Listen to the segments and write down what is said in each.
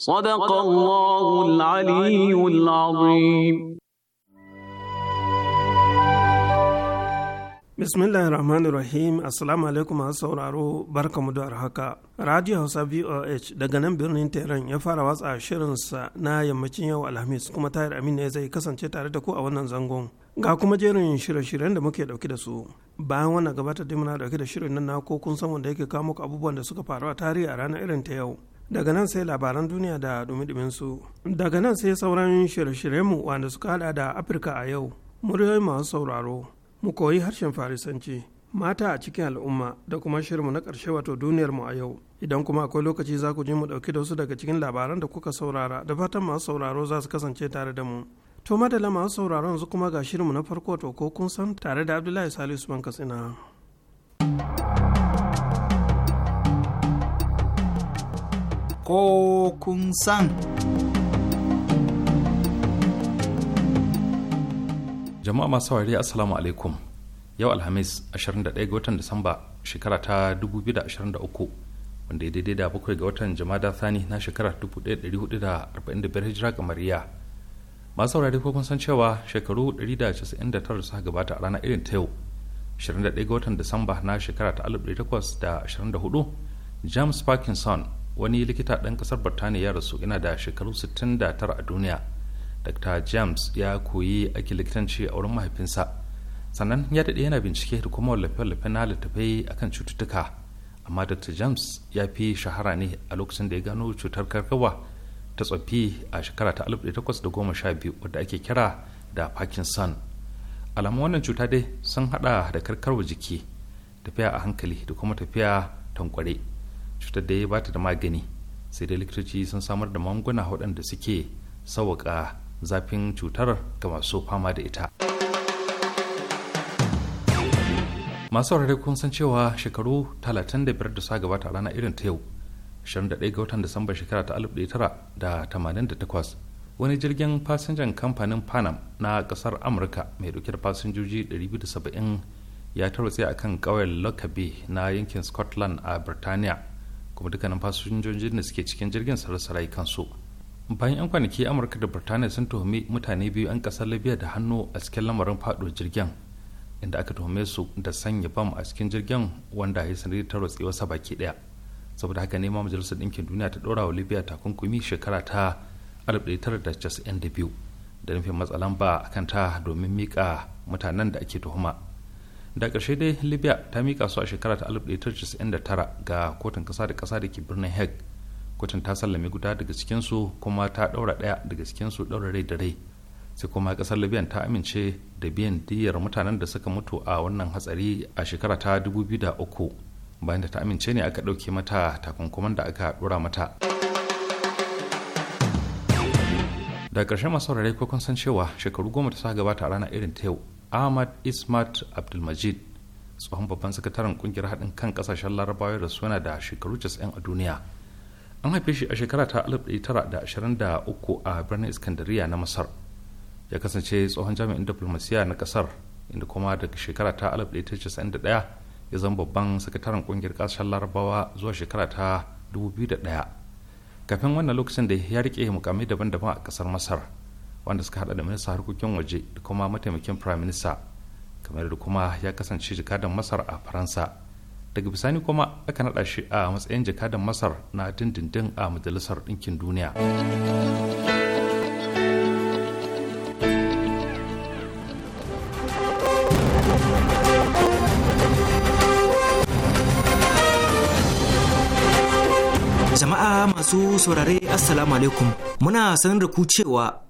صدق الله العلي العظيم Bismillahir Rahmanir Rahim Assalamu alaikum masu sauraro barkamu da haka. Radio Hausa VOH daga nan birnin Tehran ya fara watsa shirinsa na yammacin yau Alhamis kuma Tahir Aminu zai kasance tare da ku a wannan zangon. Ga kuma jerin shirye-shiryen da muke dauke da su. Bayan wannan gabatar da muna dauke da shirin nan na ko kun san wanda yake kawo muku abubuwan da suka faru a tarihi a ranar irin ta yau. daga nan sai labaran duniya da dumi duminsu daga nan sai sauran shirye-shiryenmu wanda suka hada da afirka a yau muryoyi masu sauraro mu koyi harshen farisanci mata a cikin al'umma da kuma shirinmu na ƙarshe wato duniyarmu a yau idan kuma akwai lokaci za ku ji mu ɗauki da wasu daga cikin labaran da kuka saurara da fatan masu sauraro za su kasance tare da mu to madala masu sauraron yanzu kuma ga shirinmu na farko to ko kun san tare da abdullahi salisu ban katsina ko kun san. Jama'a masu saurari Assalamu alaikum. Yau Alhamis 21 ga watan Disamba shekara ta 2023 wanda ya daidai da bakwai ga watan Jama'a Thani na shekara 1445 Hijira Mariya. Masu saurari ko kun san cewa shekaru 199 suka gabata a ranar irin ta yau 21 ga watan Disamba na shekara ta 1824 James Parkinson wani likita ɗan ƙasar birtaniya ya rasu yana da shekaru 69 a duniya dr james ya koyi ake likitanci a wurin mahaifinsa sannan ya daɗe yana bincike da kuma wallafe-wallafe na littattafai akan cututtuka amma dr james ya fi shahara ne a lokacin da ya gano cutar karkarwa ta tsoffi a shekara ta 1812 wadda ake kira da parkinson alamun wannan cuta dai sun haɗa da karkarwa jiki tafiya a hankali da kuma tafiya tankware cutar da ya bata da magani sai da likitoci sun samar da magunguna waɗanda suke sauƙa zafin cutar ga masu fama da ita masu rarrai kun san cewa shekaru 35 da sa gabata a rana irin ta yau 21 ga watan disamba shekara ta 1988 wani jirgin fasinjan kamfanin panam na kasar amurka mai dauke da fasinjoji 270 ya tarwatse a kan ƙauyen lockerbie na yankin scotland a birtaniya kuma dukkanin fasinjojin da suke cikin jirgin sarasara kan rayukansu bayan 'yan kwanaki amurka da birtaniya sun tuhumi mutane biyu 'yan kasar libya da hannu a cikin lamarin fado jirgin inda aka tuhume su da sanya bam a cikin jirgin wanda ya sanar ta rotsi wasa baki daya saboda haka nema majalisar ɗinkin duniya ta ɗora wa libya takunkumi shekara ta 1992 da nufin matsalan ba a kanta domin mika mutanen da ake tuhuma da ƙarshe dai libya ta mika su a shekara ta 1999 ga kotun kasa da kasa da ke birnin hague kotun ta sallame guda daga cikinsu kuma ta ɗaura ɗaya daga cikinsu ɗaura rai da rai sai kuma ƙasar libya ta amince da biyan diyyar mutanen da suka mutu a wannan hatsari a shekara ta 2003 bayan da ta amince ne aka ɗauke mata takunkuman da aka ɗora mata da ƙarshe masu saurare kun san cewa shekaru goma ta sa gabata a rana irin ta yau ahmad ismat abdulmajid tsohon babban sakataren kungiyar haɗin kan ƙasashen larabawa da suna da shekaru 90 a duniya an haife shi a shekara ta 1923 a birnin iskandariya na masar ya kasance tsohon jami'in diplomasiya na ƙasar inda kuma daga shekara ta 1991 ya zama babban sakataren kungiyar ƙasashen larabawa zuwa shekara ta 2001 kafin wannan lokacin da ya rike mukamai daban-daban a ƙasar masar wanda suka hada da minista harkokin waje da kuma mataimakin prime minister kamar da kuma ya kasance jakadan masar a faransa daga bisani kuma aka nada shi a matsayin jakadan masar na dindindin a majalisar ɗinkin duniya jama'a masu saurare assalamu alaikum muna sanar da ku cewa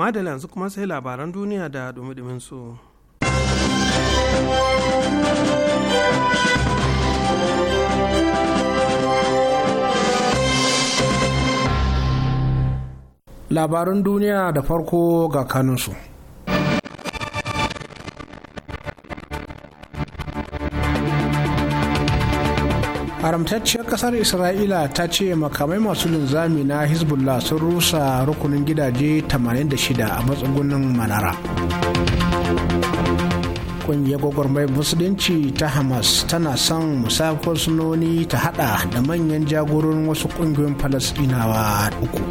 madala yanzu kuma sai labaran duniya da dumi su. labaran duniya da farko ga kanunsu haramtacciyar kasar isra'ila ta ce makamai masu linzami na hezbollah sun rusa rukunin gidaje 86 a matsugunin manara kungiyar gwagwarmai musulunci ta hamas tana son musafin sunoni ta hada da manyan jagororin wasu kungiyoyin falasdinawa uku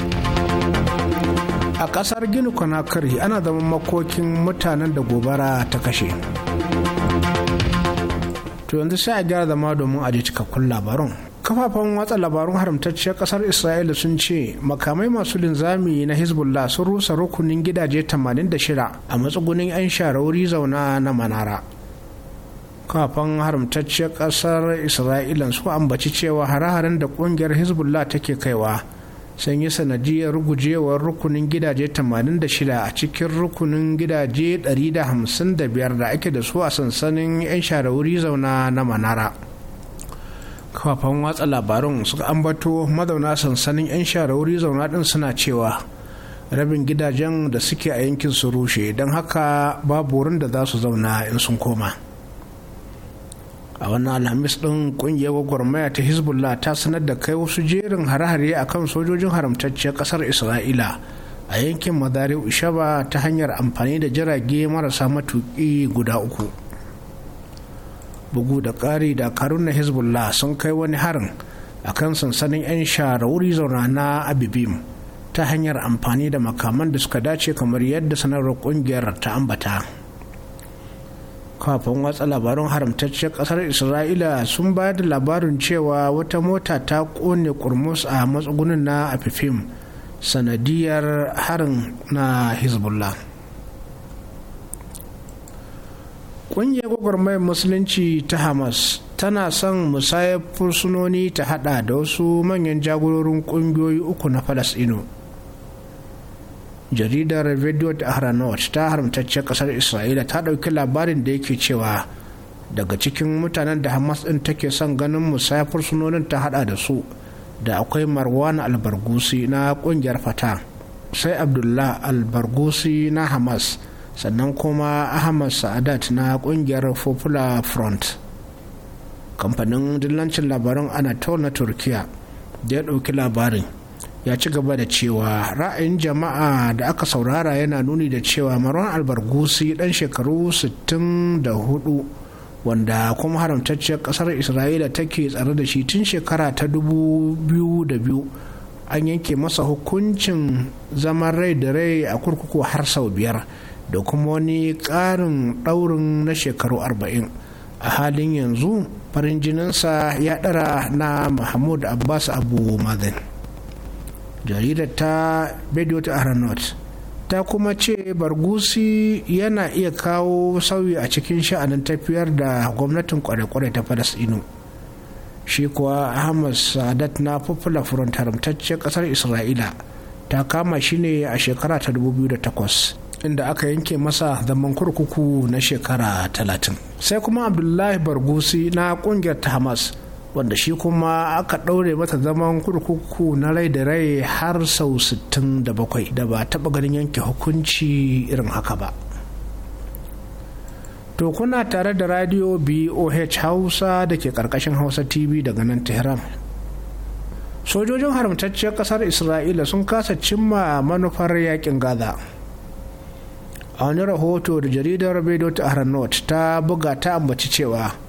a kasar gini conakry ana zama makokin mutanen da gobara ta kashe to yanzu sai a gyara zama domin a je cikakkun labarun kafafen watsa labarun haramtacciyar kasar isra'ila sun ce makamai masu linzami na hezbollah sun rusa rukunin gidaje 86 a matsugunin 'yan sharauri zauna na manara kafafen haramtacciyar kasar isra'ila su ambaci cewa hare-haren da kungiyar hezbollah take kaiwa sun yi sanadiyar rugujewar rukunin gidaje 86 a cikin rukunin gidaje 155 da ake da su a sansanin 'yan share zauna na manara kafafan watsa labarun suka ambato mazauna sansanin 'yan share wuri zauna din suna cewa rabin gidajen da suke a yankin su rushe don haka babu wurin da za su zauna in sun koma. a wannan alhamis ɗin ƙungiyar gwagwarmaya ta hezbollah ta sanar da kai wasu jerin hare-hare a kan sojojin haramtacciyar ƙasar isra'ila a yankin madari ushaba ta hanyar amfani da jirage marasa matuƙi guda uku bugu da ƙari dakarun na hezbollah sun kai wani harin a kan sansanin 'yan shara wuri zauna na abibim ta hanyar amfani da makaman da suka dace kamar yadda sanarwar ƙungiyar ta ambata. kafin watsa labarin haramtacciyar kasar isra'ila sun ba da labarin cewa wata mota ta kone kurmus a matsugunin na afifim sanadiyar harin na hezbollah ƙungiyar gwagwarmayar musulunci ta hamas tana son musayar fursunoni ta hada da wasu manyan jagororin ƙungiyoyi uku na falasino jaridar radio ahranot ta haramtacce kasar isra'ila ta ɗauki labarin da yake cewa daga cikin mutanen da hamas ɗin take son ganin musafir sunonin ta hada da su da akwai marwan albargusi na ƙungiyar fata sai abdullah albargusi na hamas sannan kuma ahmad sa'adat na ƙungiyar popular front kamfanin dillancin labaran anatol na turkiya da ya ɗauki labarin ya ci gaba da cewa ra'ayin jama'a da aka saurara yana nuni da cewa marwan albargusi dan shekaru 64 wanda kuma haramtacciyar kasar isra'ila take tsare da shi tun shekara ta biyu an yanke masa hukuncin zaman rai da rai a kurkuku har sau biyar da kuma wani ƙarin ɗaurin na shekaru arba'in a halin yanzu farin jininsa ya ɗara na mahmud abbas abu mazen jaridar ta radio ta aranot ta kuma ce bargusi yana iya kawo sauyi a cikin sha'anin tafiyar da gwamnatin kware-kware ta falasɗinu shi kuwa ahmad sadat na fufula front haramtaccen kasar isra'ila ta kama shi ne a shekara ta 2008 inda aka yanke masa zaman kurkuku na shekara talatin sai kuma abdullahi bargusi na kungiyar ta hamas wanda shi kuma aka ɗaure mata zaman kurkuku na rai da rai har sau 67 da ba taɓa ganin yanke hukunci irin haka ba to kuna tare da radio boh hausa da ke ƙarƙashin hausa tv daga nan tehran sojojin haramtacciyar ƙasar isra'ila sun kasa cimma manufar yakin gaza a wani rahoto da jaridar Bedo ta ta buga ta ambaci cewa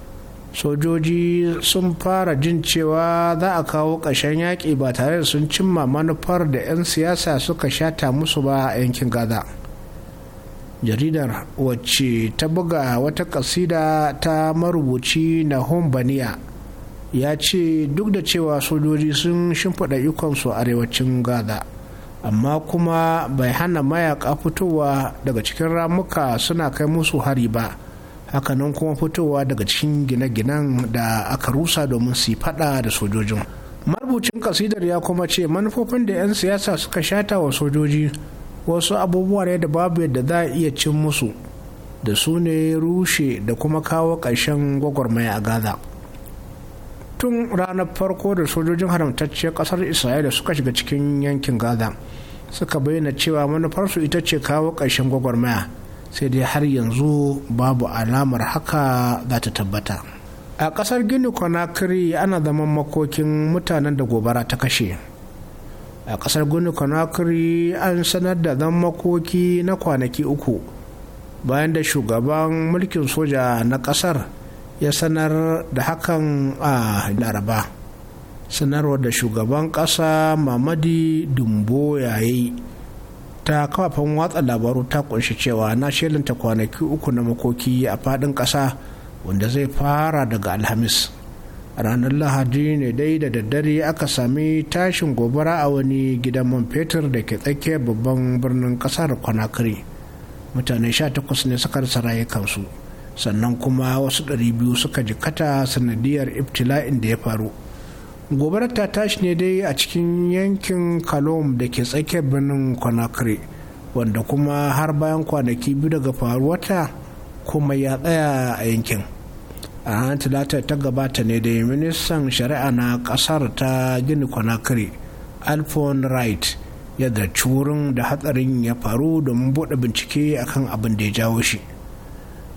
sojoji sun fara jin cewa za a kawo ƙashen yaƙi ba tare da sun cimma manufar da 'yan siyasa suka shata musu ba a yankin gaza jaridar wacce ta buga wata kasida ta marubuci na baniya ya ce duk da cewa sojoji sun shimfiɗa ikonsu a arewacin gaza amma kuma bai hana mayaka fitowa daga cikin ramuka suna kai musu hari ba. hakanan kuma fitowa daga cikin gine-ginen da aka rusa domin su fada da sojojin marubucin kasidar ya kuma ce manufofin da 'yan siyasa suka shata wa sojoji wasu abubuwa ne da babu yadda za a iya cin musu da su ne rushe da kuma kawo ƙarshen gwagwarmaya a gaza tun ranar farko da sojojin haramtacciyar ƙasar isra'ila suka shiga cikin yankin gaza suka bayyana cewa manufarsu ita ce kawo ƙarshen gwagwarmaya sai dai har yanzu babu alamar haka za ta tabbata a kasar gini conakry ana zaman makokin mutanen da gobara ta kashe a kasar gini conakry an sanar da zan makoki na kwanaki uku bayan da shugaban mulkin soja na kasar ya sanar da hakan a laraba sanarwar da shugaban kasa mamadi dumbo yayi ta kafafen watsa labaru ta kunshi cewa na shelinta kwanaki uku na makoki a fadin ƙasa wanda zai fara daga alhamis ranar lahadi ne dai da daddare aka sami tashin gobara a wani gidan man fetur da ke tsakiyar babban birnin kasar conakry mutane sha 18 ne suka rasa rayukansu sannan kuma wasu 200 suka jikata sanadiyar ibtila'in da ya faru gobarar ta tashi ne dai a cikin yankin kalom da ke tsakiyar birnin conakry wanda kuma har bayan kwanaki biyu daga faruwata kuma ya tsaya a yankin a ranar talata ta gabata ne dai ministan shari'a na kasar ta gini conakry alphon wright ya da wurin da hatsarin ya faru domin bude bincike akan abin da ya jawo shi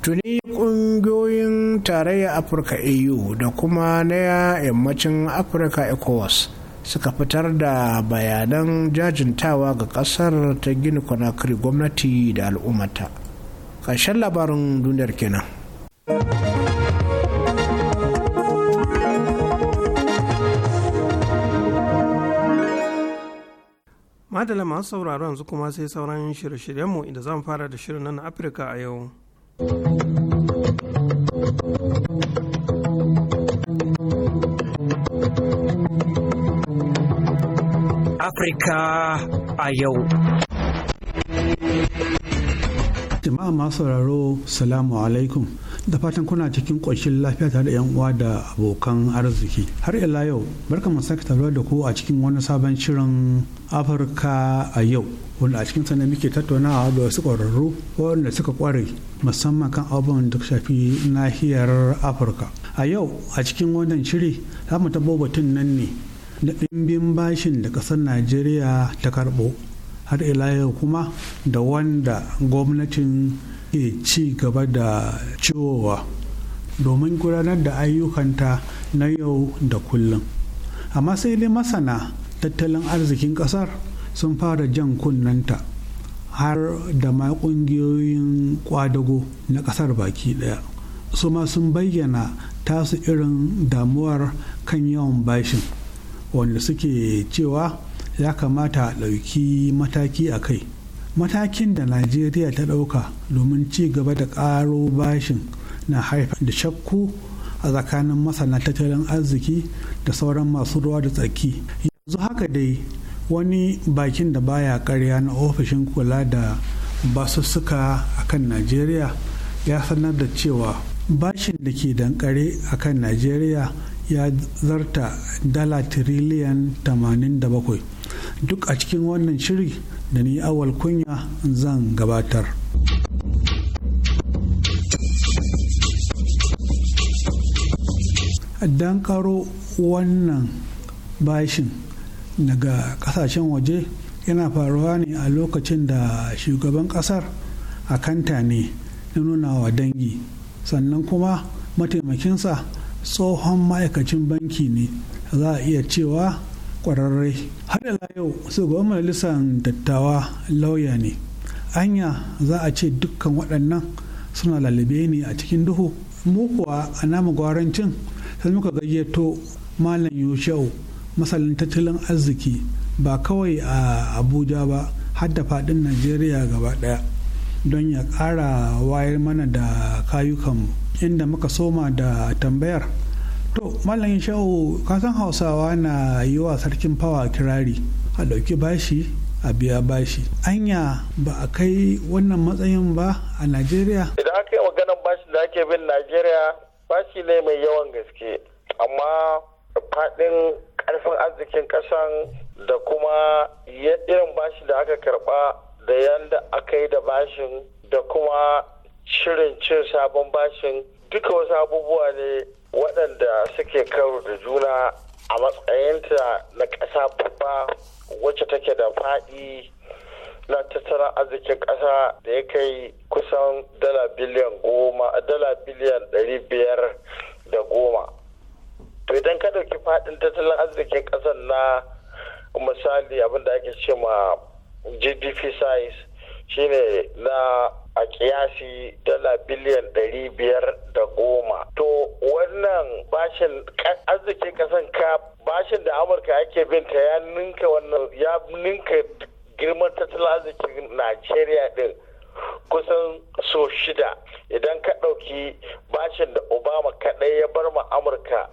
tuni kungiyoyin tarayya afirka au da kuma na yammacin afirka ecowas suka fitar da bayanan jajintawa ga kasar ta gini conakry gwamnati da al'ummata ƙarshen labarin duniyar kenan madala masu sauraron yanzu kuma sai sauran shirye-shiryenmu inda zan fara da shirin nan afirka a yau Afirka a yau. Jama'a masu sauraro, Salamu alaikum. da fatan kuna cikin ƙoshin lafiya tare da 'yan uwa da abokan arziki har ila yau barka mu sake taruwa da ku a cikin wani sabon shirin afirka a yau wanda a cikin sanar muke tattaunawa da wasu ƙwararru wanda suka ƙware musamman kan abubuwan da shafi nahiyar afirka a yau a cikin wannan shiri za mu tabo batun nan ne na ɗimbin bashin da ƙasar najeriya ta karɓo har ila yau kuma da wanda gwamnatin ke ci gaba da ciwowa domin gudanar da ayyukanta na yau da kullum amma sai dai masana tattalin arzikin kasar sun fara jan kunnanta har da ma kungiyoyin kwadago na kasar baki daya su ma sun bayyana tasu irin damuwar kan yawan bashin wanda suke cewa ya kamata a ɗauki mataki a kai matakin da najeriya ta ɗauka domin ci gaba da ƙaro bashin na haifa da shakku a tsakanin masana tattalin arziki da sauran masu ruwa da tsaki yanzu haka dai wani bakin da baya karya na ofishin kula da basussuka a kan najeriya ya sanar da cewa bashin da ke dankare a kan najeriya ya zarta dala tiriliyan 87 duk a cikin wannan shiri da ni awal kunya zan gabatar don karo wannan bashin daga kasashen waje yana faruwa ne a lokacin da shugaban kasar a kanta ne na nuna wa dangi sannan kuma mataimakinsa tsohon ma'aikacin banki ne za a iya cewa kwararre har layo yau shugaban majalisar dattawa lauya ne anya za a ce dukkan waɗannan suna lalube ne a cikin duhu mu kuwa a namu gwarancin sai muka gayyato malam yushau masalin tattalin arziki ba kawai a abuja ba har da faɗin najeriya gaba ɗaya don ya ƙara wayar mana da kayukanmu inda muka soma da tambayar to malam shau kasan hausawa na yi wa sarkin fawa kirari a ɗauki bashi a biya bashi anya ba a kai wannan matsayin ba a najeriya idan aka yi maganan bashi da ake bin najeriya bashi ne mai yawan gaske amma faɗin ƙarfin arzikin ƙasan da kuma irin bashi da aka karɓa da yadda aka yi da bashin da kuma shirin cin sabon bashin duka wasu abubuwa ne waɗanda suke karo da juna a matsayinta na ƙasa babba wacce take da faɗi na tattalin arzikin ƙasa da ya kai kusan dala biliyan goma dala biliyan ɗari biyar da goma to idan ka ɗauki faɗin tattalin arzikin ƙasar na misali abinda da ake ce ma gdp size shine na a kiyasi dala biliyan ɗari biyar da goma. To wannan bashin arziki kasan ka bashin da Amurka ake binta ya ninka wannan ya ninka girman tattalin arzikin nigeria din kusan so shida idan ka ɗauki bashin da Obama kaɗai ya bar ma Amurka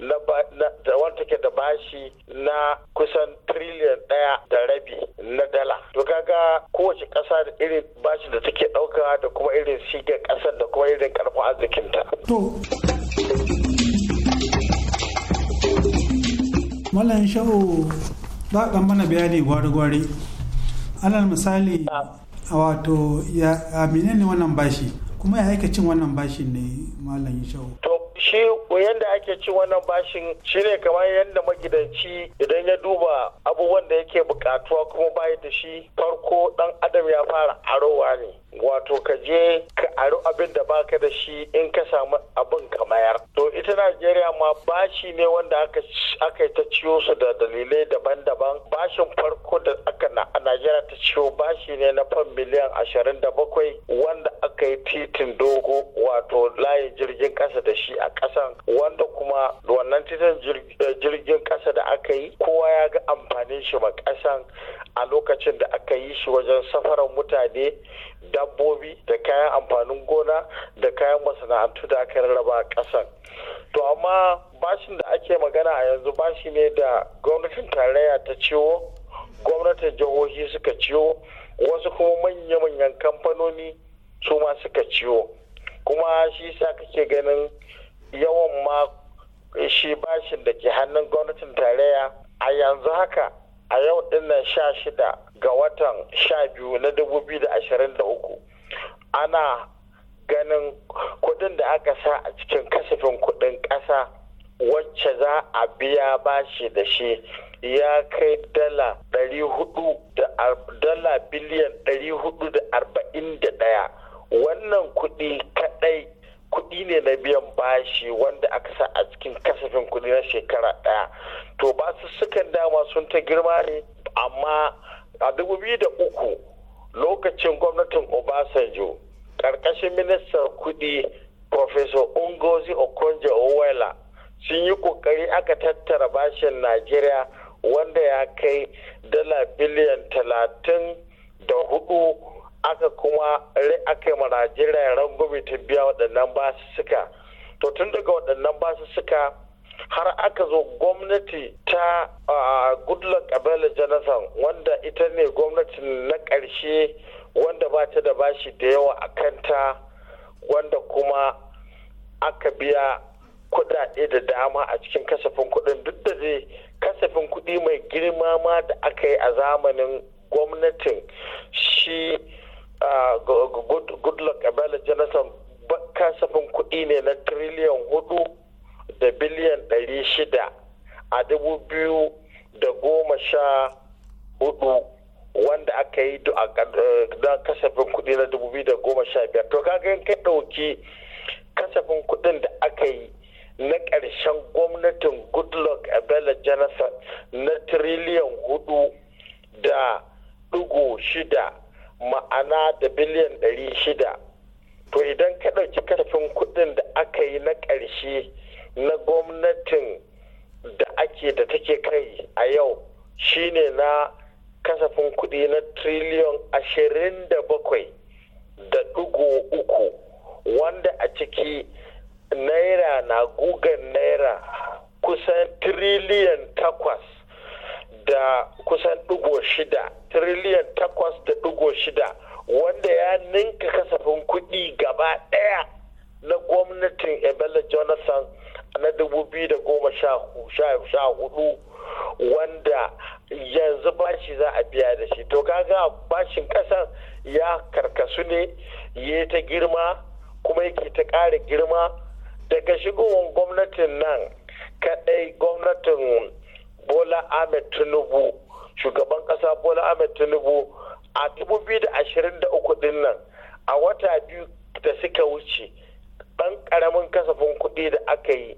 da take da bashi na kusan triliyan ɗaya da rabi na dala to kaga kowace ƙasa da irin bashin da take ɗauka da kuma irin shigar ƙasar da kuma irin ƙarfin arzikinta. Malam Shehu za a mana bayani gwari-gwari. Alal misali a ah. wato ya menene wannan bashi kuma ya cin wannan bashi ne Malam Shehu. To shi yadda ake cin wannan bashin shine kamar yadda magidanci idan ya duba abubuwan da yake bukatuwa kuma bayi da shi farko dan adam ya fara arowa ne wato ka je ka ari abin da baka da shi in ka samu abin ka mayar to ita najeriya ma bashi ne wanda aka ta ciyo su da dalilai daban-daban bashin farko da aka na a najeriya ta ciyo bashi ne na fan miliyan ashirin da bakwai wanda aka yi titin dogo wato layin jirgin kasa da shi a kasan wanda kuma wannan titin eh, jirgin kasa da aka yi kowa ya ga amfanin shi ma kasan a lokacin da aka yi shi wajen safarar mutane dabbobi da kayan amfanin gona da kayan masana'antu da aka rarraba a ƙasar to amma bashin da ake magana a yanzu bashi ne da gwamnatin tarayya ta ciwo gwamnatin jihohi suka ciwo wasu kuma manya-manyan kamfanoni su ma suka ciwo kuma shi sa kake ganin yawan ma shi bashin da ke hannun gwamnatin tarayya a yanzu haka a yau dinnan sha shida ga watan sha biyu na dubu biyu da ashirin da uku ana ganin kudin da aka sa a cikin kasafin kudin kasa wacce za a biya bashi da shi ya kai dala biliyan dari hudu da arba'in da ɗaya wannan kudi kadai. kuɗi ne na biyan bashi wanda aka sa a cikin kasafin kuɗi na shekara ɗaya to ba su sukan dama sun ta girma ne amma a dubu biyu da uku lokacin gwamnatin obasanjo ƙarƙashin ministan kuɗi professor ungozi okonjo owela sun yi ƙoƙari aka tattara bashin najeriya wanda ya kai dala biliyan talatin da hudu aka kuma aka maraji rayaran gwamnati biya waɗannan basussuka to tun daga waɗannan basussuka har aka zo gwamnati ta goodluck abel jonathan wanda ita ne gwamnati na ƙarshe wanda ba ta da bashi da yawa a kanta wanda kuma aka biya kudade da dama a cikin kasafin kudin duk da zai kasafin kudi mai girma ma da aka yi a zamanin gwamnatin shi Ah, goodluck abela jonathan kasafin kuɗi ne na triliyan hudu da biliyan ɗari shida a dubu biyu da goma sha hudu wanda aka yi da kasafin kuɗi na dubu biyu da goma sha biyar to kaga kai ɗauki kasafin kuɗin da aka yi na ƙarshen gwamnatin goodluck abela jonathan na triliyan hudu da ɗigo shida ma'ana da biliyan ɗari shida to idan ka ɗauki kasafin kuɗin da aka yi na ƙarshe na gwamnatin da ake da take kai a yau shine na kasafin kuɗi na triliyon ashirin da da ɗigo uku wanda a ciki naira na gugan naira kusan triliyan takwas da kusan ɗugo shida triliyan takwas da dugo shida wanda ya ninka kasafin kuɗi gaba ɗaya na gwamnatin ebola jonathan na dubu biyu da goma sha hudu wanda yanzu bashi za a biya da shi to kaga bashin kasan ya karkasu ne ya ta girma kuma yake ta ƙara girma daga shigowar gwamnatin nan kadai gwamnatin bola ahmed tinubu shugaban kasa bola ahmed tinubu a 2023 din nan a wata biyu da suka wuce ɗan ƙaramin kasafin kuɗi da aka yi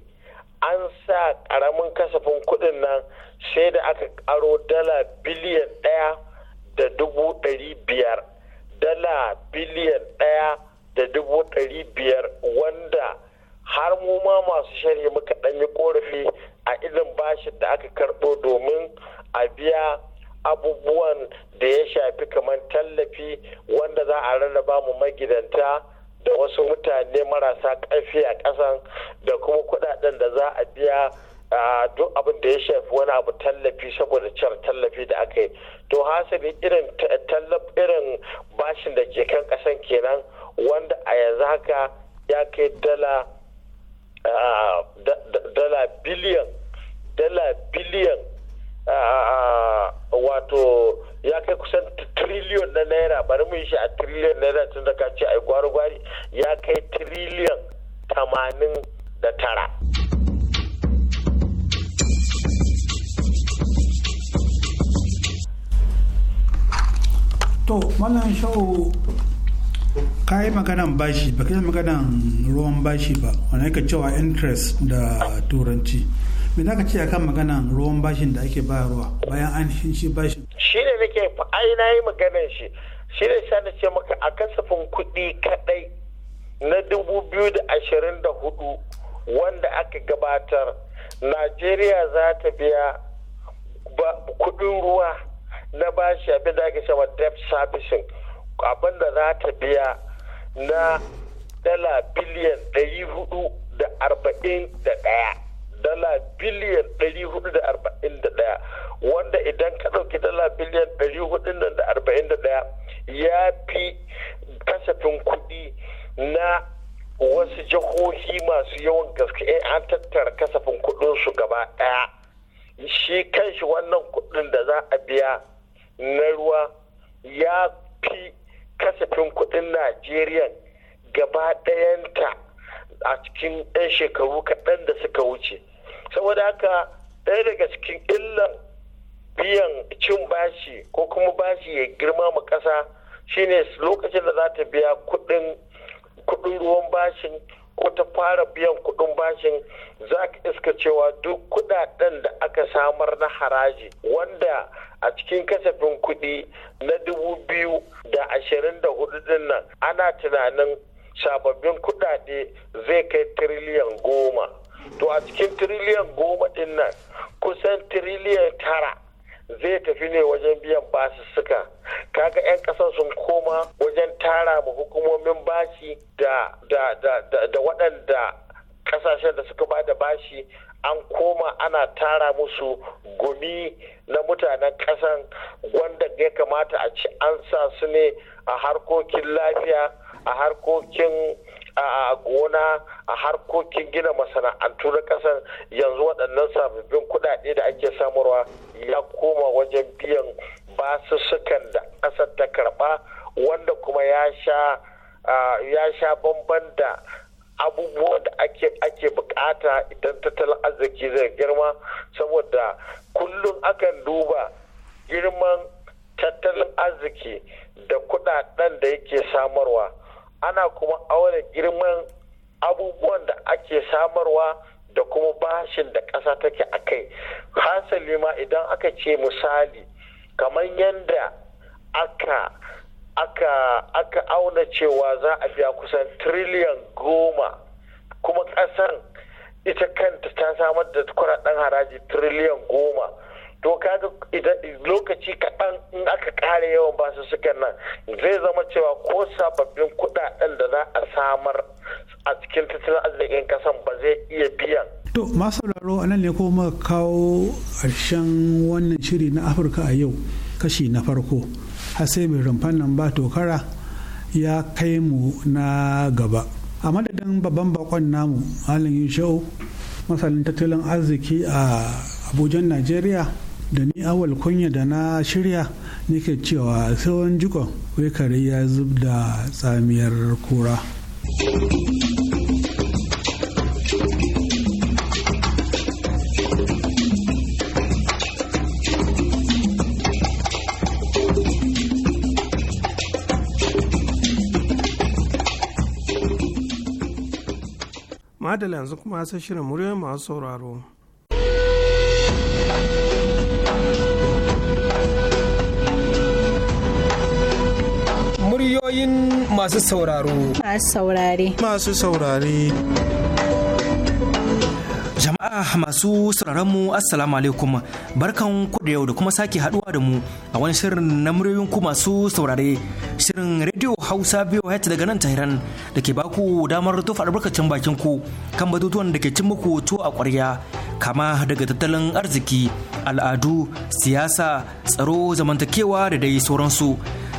an sa ƙaramin kasafin kuɗin nan sai da aka ƙaro dala biliyan ɗaya da dubu ɗari biyar dala biliyan ɗaya da dubu ɗari biyar wanda har mu ma masu shari'a muka yi ƙorafi a irin bashin da aka karɓo domin a biya abubuwan da ya shafi kamar tallafi wanda za a rarraba mu magidanta da wasu mutane marasa ƙarfi a ƙasan da kuma kuɗaɗen da za a biya duk abin da ya shafi wani abu tallafi saboda cire tallafi da aka yi to hasali irin tallaf irin bashin da ke kan ƙasan kenan wanda a yanzu haka ya kai dala dala biliyan dala biliyan wato ya kai kusan triliyon na naira bari mu yi shi a triliyon naira tun da kace ai gwari-gwari ya kai triliyon tamanin da tara to wannan shawo ka yi maganan bashi ba ka yi maganan ruwan bashi ba wani ka cewa interest da turanci me za ka ce akan maganan ruwan bashin da ake bayarwa bayan an shi bashi. shi ne nake ai na yi maganan shi shi ne sa ce maka a kasafin kuɗi kaɗai na dubu biyu da ashirin da hudu wanda aka gabatar najeriya za ta biya kuɗin ruwa na bashi abin da ake cewa debt servicing abin da za ta biya na dala biliyan ɗari hudu da arba'in da ɗaya dala biliyan ɗari hudu da arba'in da ɗaya wanda idan ka ɗauki dala biliyan ɗari hudu nan da arba'in da ɗaya ya fi kasafin kuɗi na wasu jihohi masu yawan gaske in eh, an tattara kasafin kuɗin su gaba ɗaya shi kanshi wannan kuɗin da za a biya na ruwa ya fi kasafin kuɗin najeriya gaba ɗayanta a cikin 'yan shekaru kaɗan da suka wuce saboda haka ɗaya daga cikin illan biyan cin bashi ko kuma bashi ya girma ma ƙasa shine lokacin da za ta biya kuɗin ruwan bashin ko ta fara biyan kudin bashin za ka iska cewa duk kudaden da aka samar na haraji wanda a cikin kasafin kudi na dubu biyu da ashirin da hudu din nan ana tunanin sababbin kudade zai kai tiriliyan goma to a cikin tiriliyan goma din nan kusan tiriliyan tara zai tafi ne wajen biyan basussuka kaga 'yan kasar sun koma wajen tara ma hukumomin bashi da waɗanda kasashen da suka ba da bashi an koma ana tara musu gumi na mutanen ƙasan wanda ya kamata a ci an sa su ne a harkokin lafiya a harkokin a gona a harkokin gina masana'antu na kasar yanzu waɗannan sababbin kuɗaɗe da ake samarwa ya koma wajen biyan basussukan da ƙasar ta karɓa wanda kuma ya sha bamban da abubuwan da ake bukata idan tattalin arziki zai girma saboda kullum akan duba girman tattalin arziki da kuɗaɗen da yake samarwa ana kuma auna girman abubuwan da ake samarwa da kuma bashin da ƙasa take a kai hasali ma idan aka ce misali kamar yadda aka aka aka auna cewa za a biya kusan triliyan goma kuma ƙasar ita kanta ta samar da kuraɗen haraji triliyan goma to kaga idan lokaci kaɗan in aka ƙara yawan suka nan zai zama cewa ko sababbin kuɗaɗen da za a samar a cikin tattalin arzikin ƙasan ba zai iya biyan to masu sauraro nan ne ko muka kawo ƙarshen wannan shiri na afirka a yau kashi na farko har sai mai rumfan nan ba tokara ya kai mu na gaba a madadin babban bakon namu halin yin sha'o masanin tattalin arziki a abujan najeriya da ni awal kunya da na shirya nake cewa tsawon jikon wai kare ya zub da tsamiyar kura madala yanzu kuma sai shirin muryoyin masu sauraro Muryoyin masu sauraro. Masu saurare. Masu saurare. Jama'a masu sauraron mu Assalamu alaikum barkan ku da yau da kuma sake haduwa da mu a wani shirin na muryoyin ku masu saurare shirin Radio Hausa biyu hayata daga nan Tahiran da ke baku damar tofa albarkacin bakin ku kan batutuwan da ke cin muku tuwo a kwarya. kama daga tattalin arziki al'adu siyasa tsaro zamantakewa da dai sauransu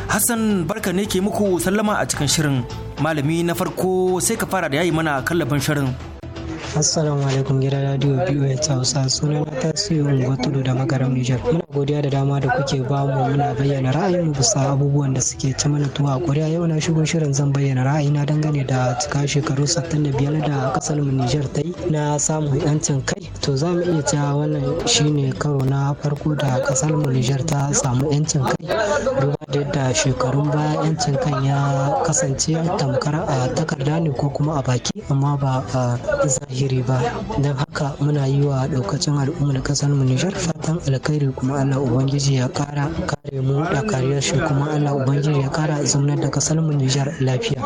hassan barka ne ke muku sallama a cikin shirin malami na farko sai ka fara da yayi mana kallafin shirin assalamu alaikum gidan radio biyu ya hausa suna na tasiri da magaram nijar godiya da dama da kuke ba mu muna bayyana ra'ayinmu bisa abubuwan da suke ci mana tuwa kuriya yau na shigo shirin zan bayyana ra'ayina dangane da cika shekaru 65 da kasar mu Nijar ta yi na samun yancin kai to za mu iya cewa wannan shine karo na farko da kasar mu Nijar ta samu yancin kai duba da yadda shekarun ba yancin kan ya kasance tamkar a takarda ne ko kuma a baki amma ba a zahiri ba don haka muna yi wa daukacin al'ummar kasar mu Nijar fatan alkhairi kuma Allah Ubangiji ya kara kare mu da kariyar shi kuma Allah Ubangiji ya kara zaunar da kasar mu Nijar lafiya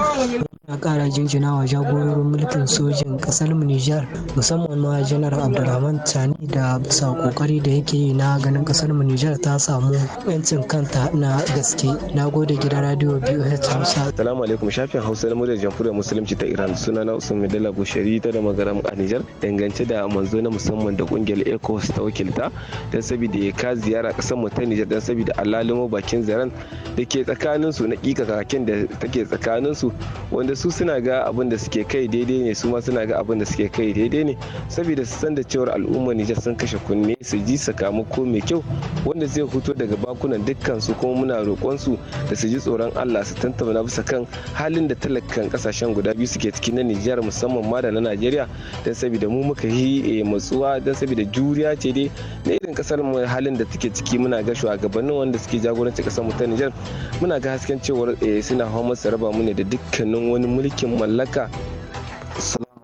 Na kara jinjina wa jagororin mulkin sojin ƙasar Nijar musamman ma janar Abdulrahman Tani da bisa ƙoƙari da yake yi na ganin ƙasar Nijar ta samu 'yancin kanta na gaske. Na gode gidan radio BOH Hausa. Assalamu alaikum shafin Hausa na jamhuriyar Musulunci ta Iran suna na Usman Medela Bushari ta da magaram a Nijar dangance da manzo na musamman da kungiyar ECOWAS ta wakilta don saboda ya ka ziyara mu ta Nijar don saboda alalimo bakin zaren da ke tsakaninsu na kika kakin da take tsakaninsu wanda su suna ga abin da suke kai daidai ne su ma suna ga abin da suke kai daidai ne saboda su san da cewar al'umma Nijar sun kashe kunne su ji sakamako mai kyau wanda zai huto daga bakunan dukkan su kuma muna roƙon su da su ji tsoron Allah su tantauna bisa kan halin da talakan kasashen guda biyu suke ciki na Nijar musamman ma da na Najeriya don saboda mu muka yi eh, matsuwa don saboda juriya ce dai na irin kasar mu halin da take ciki muna ga shugabannin wanda suke jagoranci kasar mu ta Nijar muna ga hasken cewar eh, suna hawa masa raba mu ne da dukkanin wani mulkin mallaka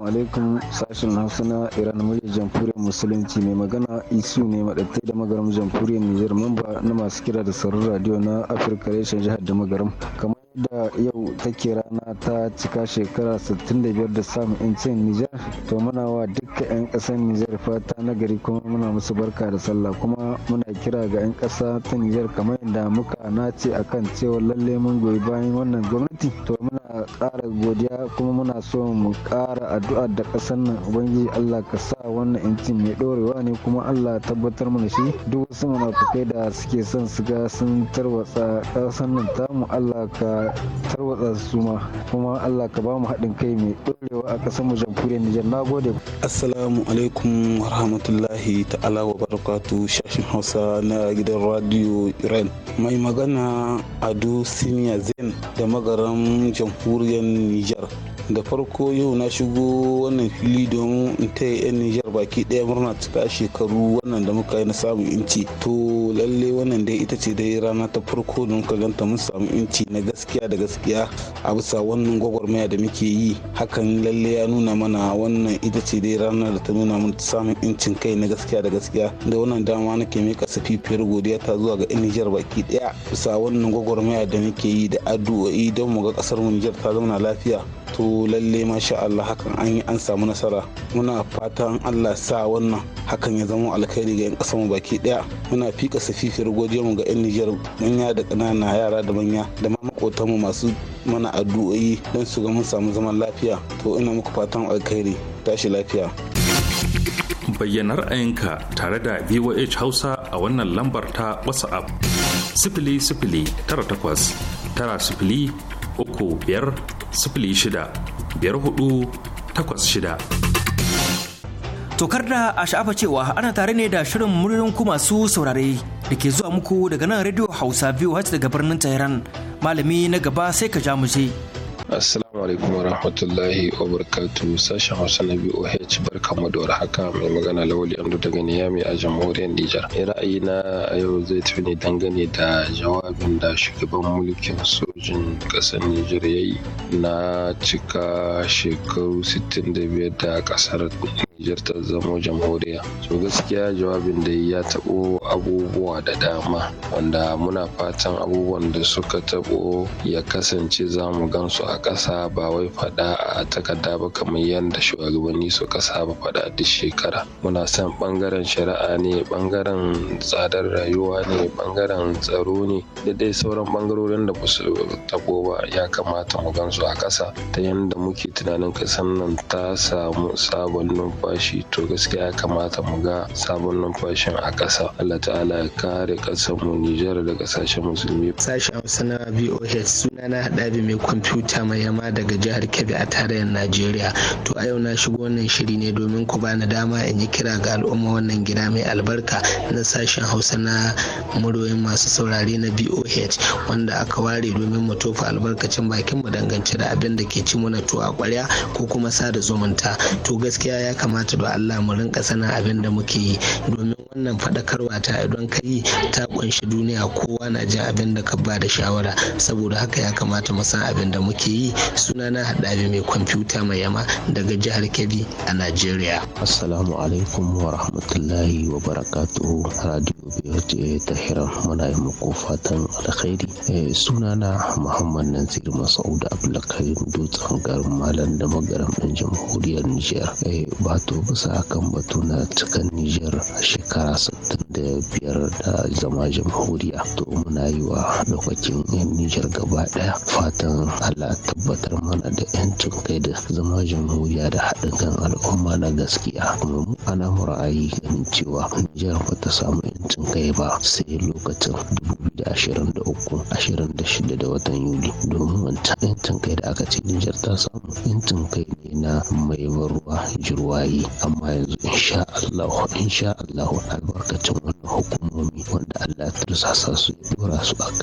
alaikum sashen hausa na iran murya jamhuriyar musulunci mai magana isu ne madattai da magaram jamhuriyar nijar mamba na masu kira da sauran radio na afirka reshen jihar da magaram kamar da yau take rana ta cika shekara 65 da samun incin Nijar to muna wa dukkan 'yan ƙasar Nijar fata na gari kuma muna musu barka da sallah kuma muna kira ga 'yan kasa ta Nijar kamar yadda muka nace akan cewa lalle mun goyi bayan wannan gwamnati to muna ƙara godiya kuma muna so mu ƙara addu'a da ƙasar nan ubangiji Allah ka sa wannan 'yancin mai ɗorewa ne kuma Allah tabbatar mana shi duk wasu munafukai da suke son su ga sun tarwatsa ƙasar nan tamu Allah ka tarwatsa su ma kuma Allah ka ba mu haɗin kai mai ɗorewa a ƙasar mu jamhuriyar Nijar na gode. Assalamu alaikum rahmatullahi ta'ala wa barakatu shashin Hausa na gidan radiyo Iran mai magana Ado Siniya Zain da magaran jamhuriyar jamhuriyar Nijar. Da farko yau na shigo wannan fili domin in taya 'yan Nijar baki ɗaya murna cika shekaru wannan da muka yi na samun inci. To lalle wannan dai ita ce dai rana ta farko da muka ganta mun samu inci na gaskiya da gaskiya a bisa wannan gwagwarmaya da muke yi. Hakan lalle ya nuna mana wannan ita ce dai rana da ta nuna mun samun incin kai na gaskiya da gaskiya. Da wannan dama nake mika safifiyar godiya ta zuwa ga 'yan Nijar baki ɗaya bisa wannan gwagwarmaya da muke yi da addu'o'i don mu ga ƙasar mu Nijar ta zauna lafiya to lalle masha Allah hakan an yi an samu nasara muna fatan Allah sa wannan hakan ya zama alkhairi ga 'yan ƙasar mu baki daya muna fika safifiyar godiyar mu ga 'yan Nijar manya da ƙanana yara da manya da ma makotan mu masu mana addu'o'i don su ga mun samu zaman lafiya to ina muku fatan alkhairi tashi lafiya bayyana ayinka tare da voh hausa a wannan lambar ta whatsapp 008 tara takwas tara sifili uku biyar sifili shida biyar hudu takwas shida. Tokar da a sha'afa cewa ana tare ne da shirin muryoyin ku masu saurare da ke zuwa muku daga nan Radio Hausa VOH daga birnin Tehran. Malami na gaba sai ka ja mu je. Assalamu alaikum warahmatullahi wabarakatuh sashen Hausa na BOH barkamu da warhaka mai magana Lawali Amdu daga Niyami a jamhuriyar Nijar. Ra'ayina a yau zai tafi ne dangane da jawabin da shugaban mulkin su sojojin ƙasar Nijar ya yi na cika shekaru 65 da da ƙasar Nijar ta zama jamhuriya. So gaskiya jawabin da ya taɓo abubuwa da dama wanda muna fatan abubuwan da suka taɓo ya kasance za mu su a ƙasa ba wai faɗa a takarda ba kamar yadda shugabanni suka saba ba faɗa duk shekara. Muna son ɓangaren shari'a ne, ɓangaren tsadar rayuwa ne, ɓangaren tsaro ne da dai sauran ɓangarorin da ba su tabo ya kamata mu gansu a ƙasa ta yadda muke tunanin kasan nan ta samu sabon numfashi to gaskiya ya kamata mu ga sabon numfashin a ƙasa Allah ta'ala ya kare ƙasar mu Nijar da ƙasashen musulmi sashen Hausa na VOH suna na haɗabi mai kwamfuta mai yama daga jihar Kebbi a tarayyar Najeriya to a yau na shigo wannan shiri ne domin ku bani dama in yi kira ga al'umma wannan gida mai albarka na sashen Hausa na muryoyin masu saurare na VOH wanda aka ware domin domin mu tofa albarkacin bakin mu dangance da abin da ke ci mana to a kwarya ko kuma sada zumunta to gaskiya ya kamata da Allah mu rinka sanin abin da muke yi domin wannan faɗakarwa ta idan ka yi ta kunshi duniya kowa na jin abin da ka ba da shawara saboda haka ya kamata mu san abin da muke yi Suna sunana haɗari mai kwamfuta mai yama daga jihar Kebbi a Najeriya. Assalamu alaikum wa rahmatullahi wa barakatuhu radio biyu ta hira muna yi muku fatan alkhairi eh, sunana muhammad nasir masauda abdulkarim dutsen garin malam da magaram ɗin jamhuriyar nijar eh, to bisa kan batu na cikin nijar shekara 65 da biyar da zama jamhuriya to muna yi wa lokacin yan nijar gaba ɗaya. fatan allah tabbatar mana da yancin kai da zama jamhuriya da haɗin kan al'umma na gaskiya kuma mu ana ra'ayi ganin cewa nijar ba ta samu yancin kai ba sai lokacin 2023 26 da watan yuli domin wancan yancin kai da aka ce nijar ta samu yancin kai ne na mai ruwa jirwaye amma yanzu insha Allah insha Allah albarkacin wannan hukumomi wanda Allah ya tursasa su ya dora su kan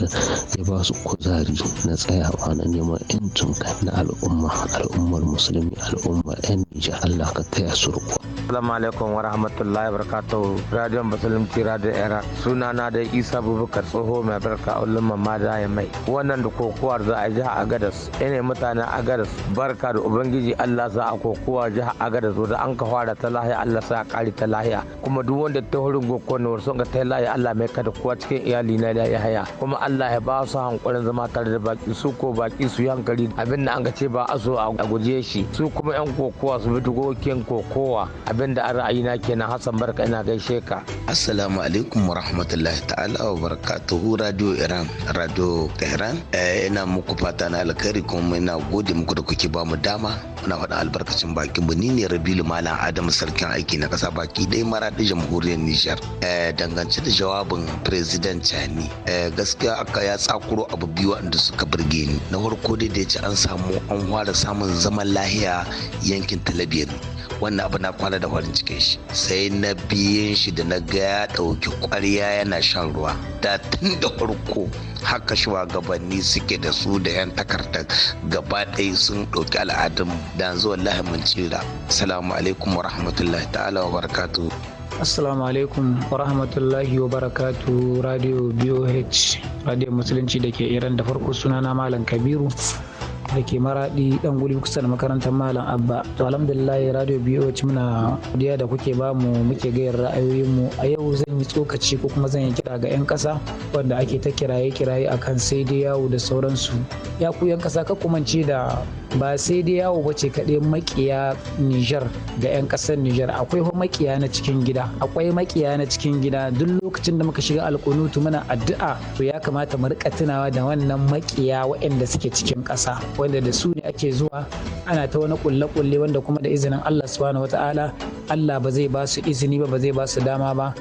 ya ba su kuzari na tsayawa na neman yancin kai na al'umma al'ummar musulmi al'ummar yan nijar Allah ka taya su rukuwa. Assalamu alaikum wa rahmatullahi wa barakatuhu radiyon musulunci radiyon era na da isa abubakar tsoho mai barka ulun mamada ya mai wannan da kokowar za a jihar agadas ina mutanen agadas barka da ubangiji allah za a kokowar a agadas wadda an ka fara ta lahiya allah sa kari ta lahiya kuma duk wanda ta hurin gokon na sun ga ta lahiya allah mai kada kowa cikin iyali na da haya kuma allah ya ba su hankulin zama tare da baki su ko baki su yi hankali abin da an ka ce ba a so a guje shi su kuma yan kokowa su bi dokokin kokowa abin da an ra'ayi na kenan hassan barka ina gaishe ka assalamu alaikum wa rahmatullahi ta'ala wa barakatuhu radio iran radio tehran Eh, ina muku fata na alkhairi kuma ina gode muku da kuke bamu dama muna faɗa albarkacin bakin mu ni ne Rabilu Malam Adamu sarkin aiki na ƙasa baki dai maraɗin jamhuriyar Nijar eh, dangance da jawabin president Chani eh, gaskiya aka ya tsakuro abu biyu wanda suka birge ni na farko dai da ya ci an samu an fara samun zaman lahiya yankin Talabiyar wannan abu na kwana da farin cikin shi sai na biyan shi da na ga ya ɗauki kwarya yana shan ruwa da tun da farko haka shugabanni suke da su da 'yan takardar gaba ɗaya sun ɗauki al'adun da yanzu wallahi mun assalamu alaikum wa rahmatullahi ta'ala wa barakatu. Assalamu alaikum wa rahmatullahi wa barakatu Radio BOH Radio Musulunci da ke Iran da farko sunana Malam Kabiru da ke maradi dan guri kusa da makarantar malam abba to alhamdulillah radio boh muna godiya da kuke ba mu muke gayar ra'ayoyinmu a yau zan yi tsokaci ko kuma zan yi kira ga 'yan kasa wanda ake ta kiraye kiraye akan sai dai yawo da sauransu ya ku 'yan kasa ka kumance da ba sai dai yawo ba ce kaɗai makiya Nijar ga 'yan ƙasar Nijar akwai makiya na cikin gida akwai maƙiya na cikin gida duk lokacin da muka shiga alkunutu muna addu'a to ya kamata mu rika tunawa da wannan makiya waɗanda suke cikin ƙasa wanda da su ne ake zuwa ana ta wani kulle-kulle wanda kuma da izinin Allah subhanahu wata'ala Allah ba zai ba su izini ba ba zai ba su dama ba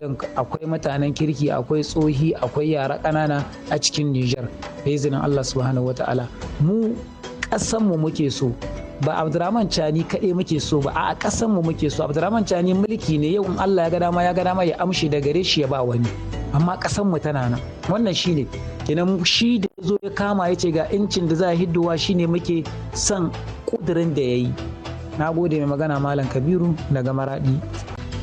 don akwai mutanen kirki akwai tsohi akwai yara ƙanana a cikin Nijar da izinin Allah subhanahu wata'ala mu ƙasanmu muke so ba abdurrahman cani kaɗai muke so ba a ƙasanmu muke so abdurrahman cani mulki ne yau in Allah ya ga dama ya ga dama ya amshi da gare shi ya ba wani amma ƙasanmu tana nan wannan shi ne kenan shi da zo ya kama ya ce ga incin da za a hiddowa ne muke son ƙudurin da ya yi na gode mai magana malam kabiru daga maraɗi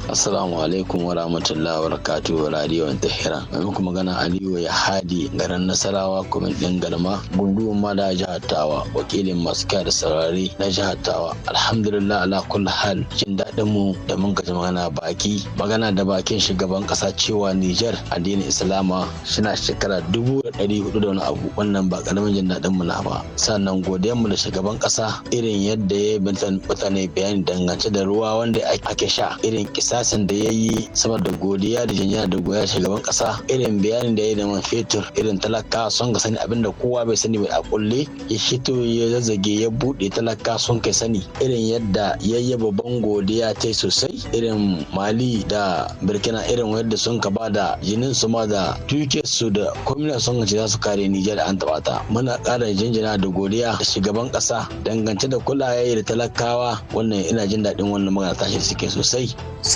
Assalamu alaikum wa rahmatullahi wa radio radiyon Tehran. Mai muku magana Aliyu ya hadi garin Nasarawa kuma din Galma gunduma da jihar Tawa wakilin masu kyau da saurari na jihar Tawa. Alhamdulillah ala kulli hal jin daɗin mu da mun gaji magana baki magana da bakin shugaban ƙasa cewa Nijar addinin Islama suna shekara dubu da ɗari hudu da wani abu wannan ba ƙaramin jin daɗin mu na ba. Sannan godiyar mu da shugaban kasa, irin yadda ya yi mutane bayani dangance da ruwa wanda ake sha irin kisa lissafin da ya yi saboda godiya da jinya da goya shugaban kasa irin bayanin da ya yi da man fetur irin talaka sun ka sani abinda kowa bai sani bai a kulle ya shito ya zazzage ya bude talaka sun kai sani irin yadda ya yi babban godiya ta sosai irin mali da birkina irin yadda sun ka ba da jinin su ma da tuke su da kwamina sun ce za su kare nijar an taɓa ta muna ƙara jinjina da godiya shugaban ƙasa dangance da kulaye da talakawa wannan ina jin daɗin wannan magana tashi suke sosai.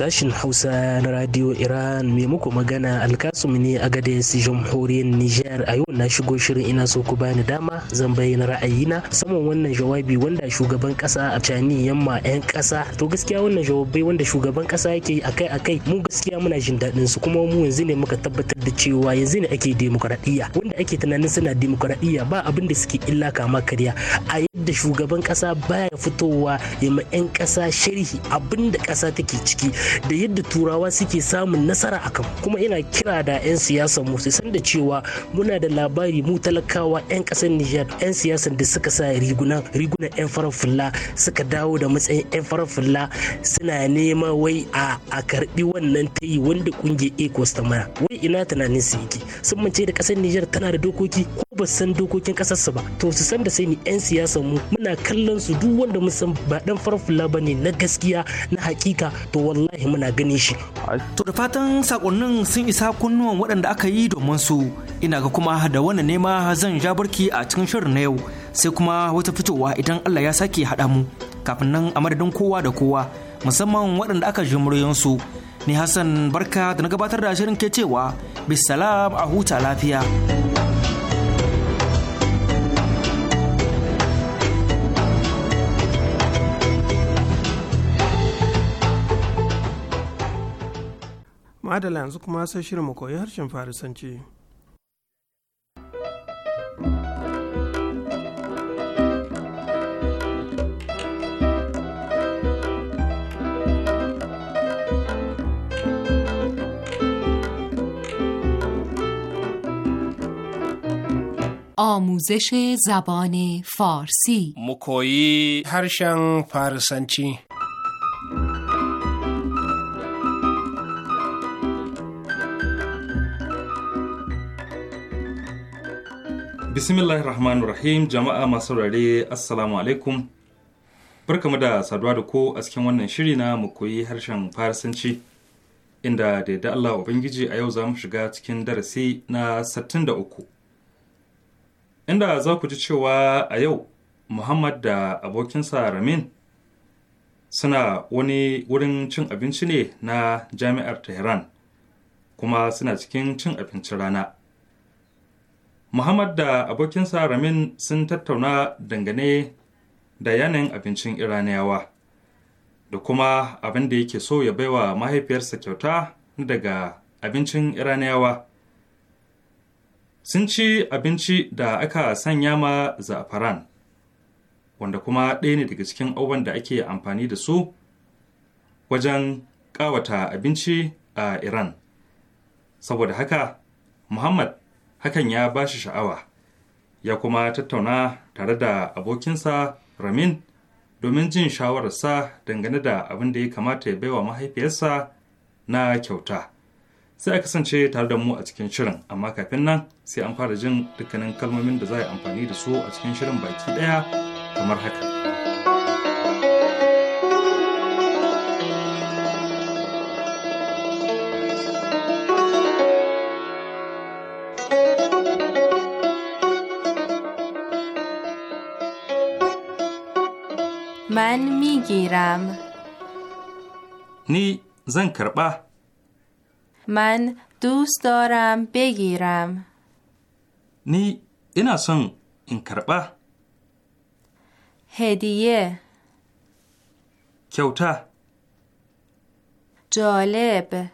sashen Hausa na Radio Iran mai muku magana alkasumi ne a gadis jamhuriyar Nijar a yau na shigo shirin ina so ku bani dama zan bayyana ra'ayina saman wannan jawabi wanda shugaban kasa a cani yamma yan kasa to gaskiya wannan jawabai wanda shugaban kasa yake akai akai mu gaskiya muna jin daɗin su kuma mu yanzu ne muka tabbatar da cewa yanzu ne ake demokradiyya wanda ake tunanin suna demokradiyya ba abin da suke illa kama karya a yadda shugaban kasa baya fitowa ya ma yan kasa sharhi abin da kasa take ciki da yadda turawa suke samun nasara a akan kuma ina kira da 'yan siyasa mu su san da cewa muna da labari mu talakawa 'yan kasar Nijar 'yan siyasan da suka sa riguna rigunan 'yan farar fulla suka dawo da matsayin 'yan farar fulla suna nema wai a a karbi wannan tayi wanda kungiyar ecos ta mana wai ina tunanin su yake sun mance da kasar Nijar tana da dokoki ko ba san dokokin kasar su ba to su san da sai ni 'yan siyasan mu muna kallon su duk wanda mun san ba dan farar fulla bane na gaskiya na hakika to wallahi muna gani shi to da fatan sakonnin sun isa kunnuwan waɗanda aka yi domin su ina ga kuma da wannan nema zan ja barki a cikin shirin na yau sai kuma wata fitowa idan Allah ya sake haɗa mu kafin nan a madadin kowa da kowa musamman waɗanda aka ji su ni Hassan barka da na gabatar da shirin ke cewa bisalam a huta lafiya. madala yanzu kuma sai shirin mu koyi harshen farisanci آموزش زبان فارسی مکویی هرشن فارسنچی Bismillahir Rahmanir Rahim jama'a masu rare Assalamu alaikum. Barkamu da saduwa da ko a cikin wannan shiri na mu koyi harshen Farsanci inda da yadda Allah Ubangiji a yau za mu shiga cikin darasi na da uku. Inda za ku ji cewa a yau Muhammad da abokinsa Ramin suna wani wurin cin abinci ne na jami'ar Tehran kuma suna cikin cin abincin rana. Muhammad da abokinsa Ramin sun tattauna dangane da yanayin abincin Iraniyawa da kuma abin da yake so ya baiwa mahaifiyarsa kyauta daga abincin Iraniyawa. Sun ci abinci da aka sanya ma za'afaran, wanda kuma ɗaya ne daga cikin abubuwan da ake amfani da su wajen ƙawata abinci a Iran. Saboda haka, Muhammad hakan ya ba shi sha'awa ya kuma tattauna tare da abokinsa ramin domin jin shawararsa dangane da abin da ya kamata ya bai wa mahaifiyarsa na kyauta sai a kasance tare da mu a cikin shirin amma kafin nan sai an fara jin dukkanin kalmomin da za a yi amfani da su a cikin shirin baki ɗaya kamar haka میگیرم نی زن کربا من دوست دارم بگیرم نی اینا سن این کربا هدیه کیوتا جالب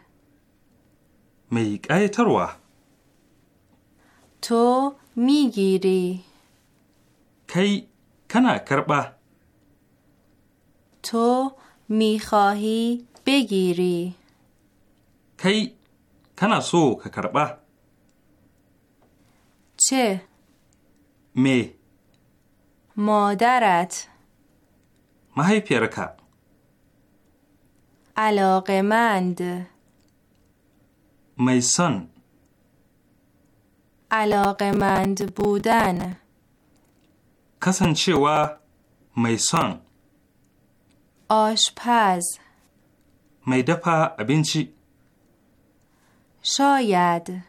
میگ ایتروا تو میگیری کی کنا کربا تو میخواهی بگیری کی کنا سو که کربا چه می مادرت مهی پیرکا علاقه مند میسان علاقه مند بودن کسان چه و میسان آشپز mai dafa abinci شاید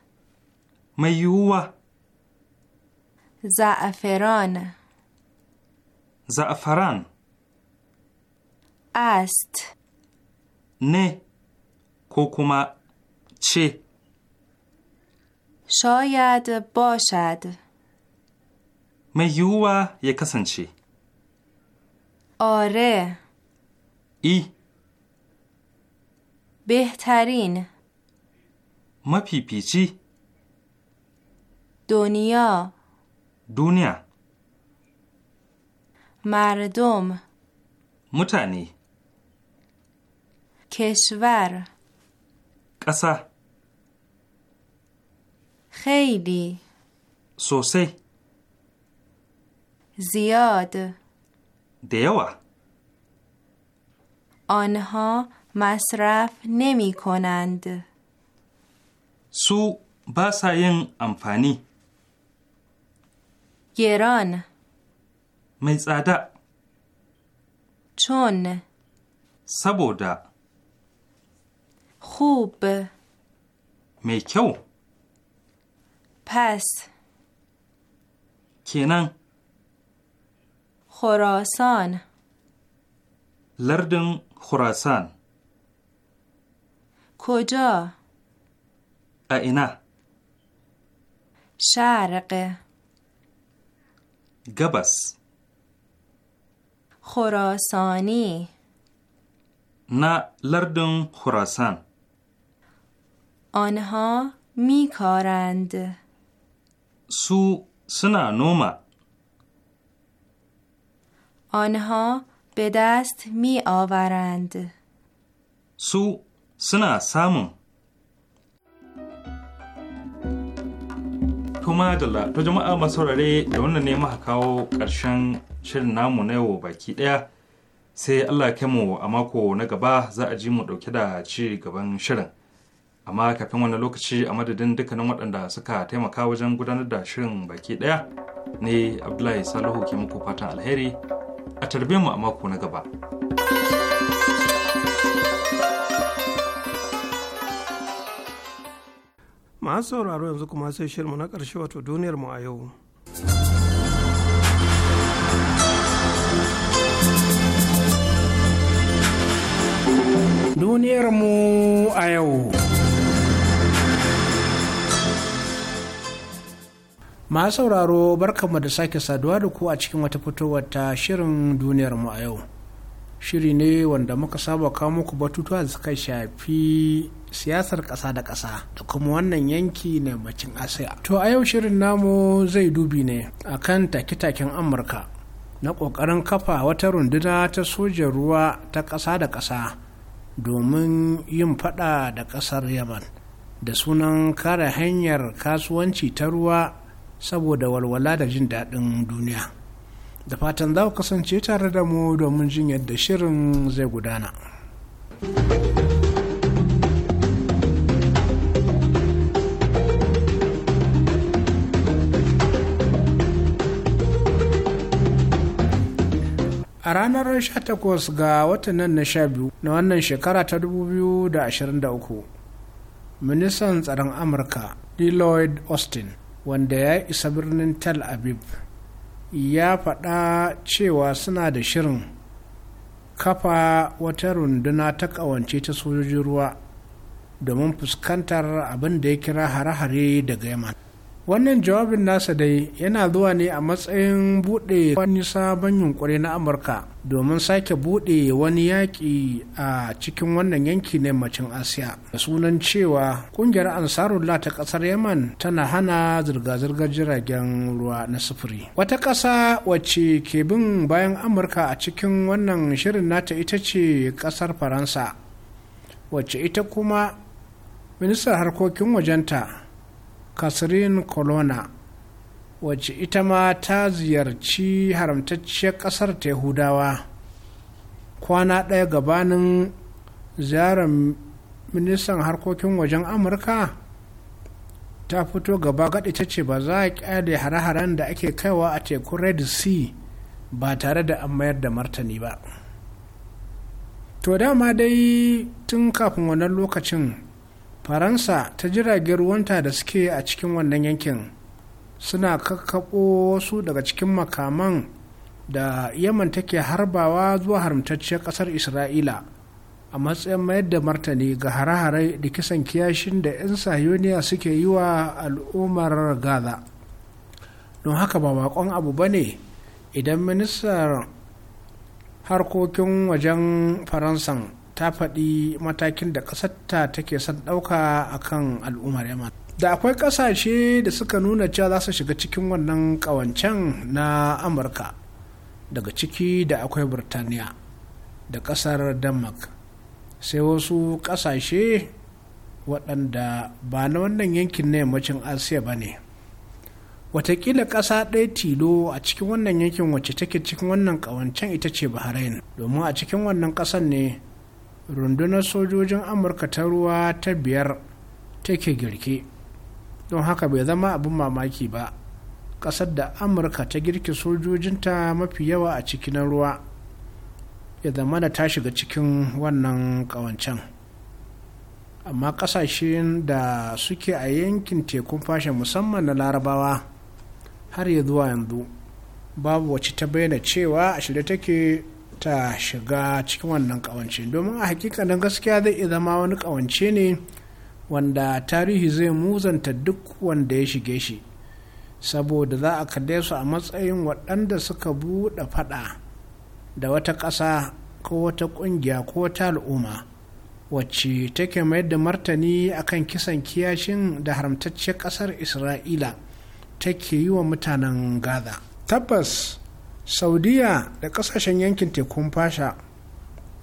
mai yiwuwa زعفران زعفران است نه کوکوما چه شاید باشد mai yiwuwa ya kasance آره ای بهترین ما پی دنیا دنیا مردم متنی کشور کسه خیلی سوسی زیاد دیوه آنها مصرف نمی کنند سو ساین امفانی گران میزاده چون سبوده خوب میکو پس کنن خراسان لردن خراسان کجا؟ اینه شرق گبس خراسانی نه لردن خراسان آنها میکارند سو سنا نوما آنها به دست می آورند سو سنا سامون kuma da to jama'a masu saurare da wannan ne muka kawo ƙarshen shirin namu na yau baki ɗaya sai Allah ya mu a mako na gaba za a ji mu ɗauke da ci gaban shirin amma kafin wani lokaci a madadin dukkanin waɗanda suka taimaka wajen gudanar da shirin baki ɗaya ne Abdullahi Salihu ke muku fatan alheri a tarbe mu a mako na gaba. Masu sauraro yanzu kuma sai shirmu na ƙarshe wato duniyar mu a yau. Duniyar mu a yau. masu sauraro barkanmu da sake saduwa da ku a cikin wata fitowar ta shirin duniyar mu a yau shiri ne wanda muka saba kawo muku batutuwa da suka shafi siyasar ƙasa da ƙasa da kuma wannan yanki na yammacin asiya to a yau shirin namu zai dubi ne akan take-taken amurka na ƙoƙarin kafa wata runduna ta sojan ruwa ta ƙasa da ƙasa domin yin faɗa da ƙasar yaman da sunan kare hanyar kasuwanci ta ruwa saboda walwala da jin daɗin duniya da fatan za ku kasance tare da mu domin jin yadda shirin zai gudana. a ranar 18 ga watan nan na 12 na wannan shekara ta 2023 ministan tsaron amurka lloyd austin wanda ya isa birnin tel aviv ya faɗa cewa suna da shirin kafa wata runduna ta ƙawance ta sojojin ruwa domin fuskantar abin da ya kira hare-hare daga yamma. wannan jawabin nasa dai yana zuwa ne a matsayin buɗe wani sabon yunkuri na amurka domin sake buɗe wani yaƙi a cikin wannan yanki na yammacin asiya da sunan cewa ƙungiyar ansarullah ta ƙasar yaman tana hana zirga-zirgar jiragen ruwa na sufuri wata ƙasa wacce ke bin bayan amurka a cikin wannan shirin nata ita ce ƙasar faransa wacce ita kuma ministar harkokin wajenta catherine colonna wacce ita ma ta ziyarci haramtacciyar ƙasar ta yahudawa kwana ɗaya gabanin ziyarar ministan harkokin wajen amurka ta fito gaba gaɗi ta ce ba za a ƙyale hare-haren da ake kaiwa a teku red sea ba tare da an mayar da martani ba to dama dai tun kafin wannan lokacin faransa ta jiragen ruwanta da suke a cikin wannan yankin suna kakkaɓo wasu daga cikin makaman da yaman take harbawa zuwa haramtacciyar ƙasar isra'ila a matsayin mayar da martani ga hare-hare da kisan kiyashin da 'yan sahiyoniya suke yi wa al'ummar gaza don haka ba bakon abu ba ne idan ministar harkokin wajen faransan ta faɗi matakin da ƙasarta take son ɗauka a kan al'ummar yaman da akwai ƙasashe da suka nuna cewa za su shiga cikin wannan ƙawancen na amurka daga ciki da akwai burtaniya da ƙasar denmark sai wasu ƙasashe waɗanda ba na wannan yankin na yammacin asiya ba ne watakila ƙasa ɗaya tilo a cikin wannan yankin wacce take cikin wannan ƙawancen ita ce bahrain domin a cikin wannan ƙasan ne rundunar sojojin amurka ta ruwa ta biyar take girke don haka bai zama abin mamaki ba ƙasar da amurka ta girke sojojinta mafi yawa a cikin ruwa ya zama da ta shiga cikin wannan ƙawancen amma ƙasashen da suke a yankin tekun fashe musamman na larabawa har ya zuwa yanzu babu wacce ta bayyana cewa a shirye take ta shiga cikin wannan kawance domin a hakikanin gaskiya zai iya zama wani kawance ne wanda tarihi zai muzanta duk wanda ya shige shi saboda za a kalle su a matsayin waɗanda suka buɗe faɗa da wata ƙasa ko wata ƙungiya ko wata al'umma wacce take mayar da martani akan kisan kiyashin da haramtacciyar ƙasar isra'ila take yi wa mutanen gaza tabbas saudiya da kasashen yankin tekun fasha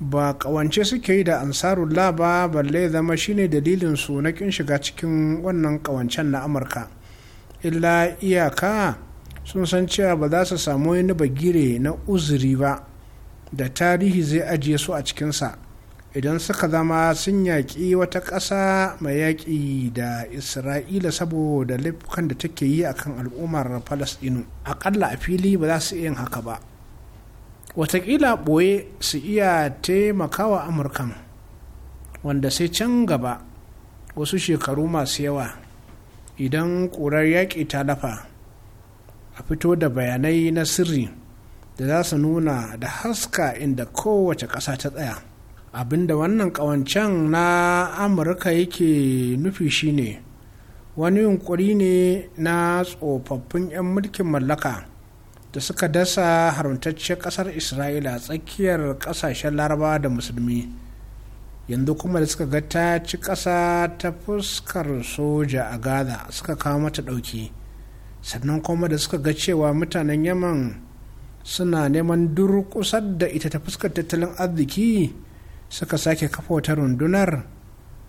ba kawance suke yi da ansarullah ba balle zama shine dalilin su na kin shiga cikin wannan kawancen na amurka illa iyaka sun san cewa ba za su samu wani bagire na uzuri ba da tarihi zai ajiye su a cikinsa idan suka zama sun yaƙi wata ƙasa mai yaƙi da isra'ila saboda laifukan da take yi akan al'ummar falasɗinu aƙalla a fili ba za su yin haka ba watakila ɓoye su iya taimakawa amurkan wanda sai can gaba wasu shekaru masu yawa idan ƙurar yaƙi ta lafa a fito da bayanai na sirri da za su nuna da haska inda kowace ƙasa ta tsaya. abinda wannan kawancen na amurka yake nufi shine wani yunkuri ne na tsofaffin 'yan mulkin mallaka da suka dasa haramtacciyar kasar isra'ila tsakiyar kasashen laraba da musulmi yanzu kuma da suka ga ta ci kasa ta fuskar soja a gaza suka kawo mata dauki sannan kuma da suka ga cewa mutanen yaman suna neman durkusar da ita ta fuskar tattalin arziki suka sake kafa wata rundunar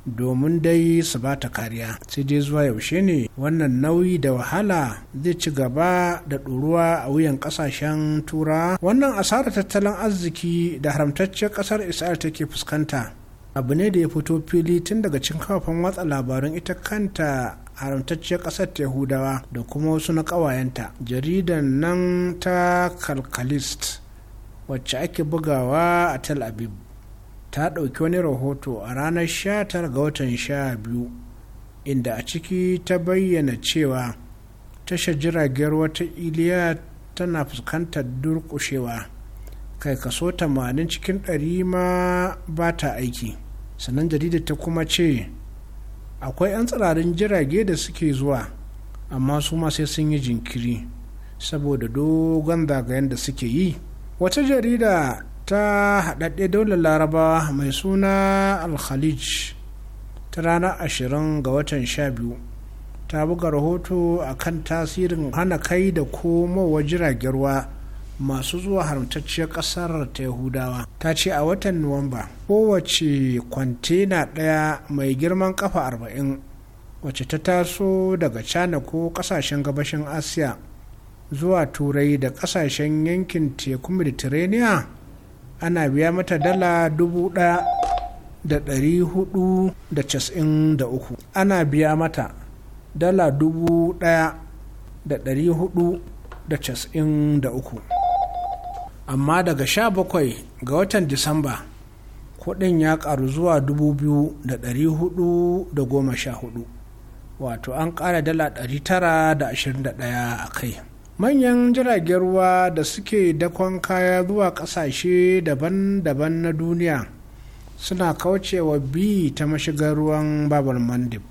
domin dai su ba ta kariya sai dai zuwa yaushe ne wannan nauyi da wahala zai ci gaba da ɗuruwa a wuyan ƙasashen tura wannan asarar tattalin arziki da haramtacciyar ƙasar isra'il take fuskanta abu ne da ya fito fili tun daga cin kafafen watsa labarun ita kanta haramtacciyar ƙasar ta yahudawa da kuma wasu na ƙawayenta jaridan nan ta kalkalist wacce ake bugawa a tel aviv ta ɗauki wani rahoto a ranar 19 ga watan 12 inda a ciki ta bayyana cewa tashar jiragen wata iliya tana fuskantar durƙushewa kai kaso 80 cikin 100 ma ba ta aiki sannan jarida ta kuma ce akwai 'yan tsirarin jirage da suke zuwa amma su ma sai sun yi jinkiri saboda dogon zagayen da suke yi wata jarida ta haɗaɗɗe daular laraba mai suna alkhalij ta ranar ashirin ga watan sha biyu ta buga rahoto a kan tasirin hana kai da komowa jiragen ruwa masu zuwa haramtacciyar ƙasar ta yahudawa ta ce a watan nuwamba kowace kwantena ɗaya mai girman kafa arba'in wacce ta taso daga china ko ƙasashen gabashin asiya zuwa turai da ƙasashen yankin teku mediterranean ana biya mata dala dubu ɗaya da ɗari hudu da casa'in da uku ana biya mata dala dubu ɗaya da ɗari hudu da casa'in da uku amma daga sha bakwai ga watan disamba kuɗin ya ƙaru zuwa dubu biyu da ɗari hudu da goma sha hudu wato an ƙara dala ɗari tara da ashirin da ɗaya a kai manyan jiragen ruwa da suke dakon kaya zuwa kasashe daban-daban na duniya suna kaucewa bi ta mashigar ruwan babar mandib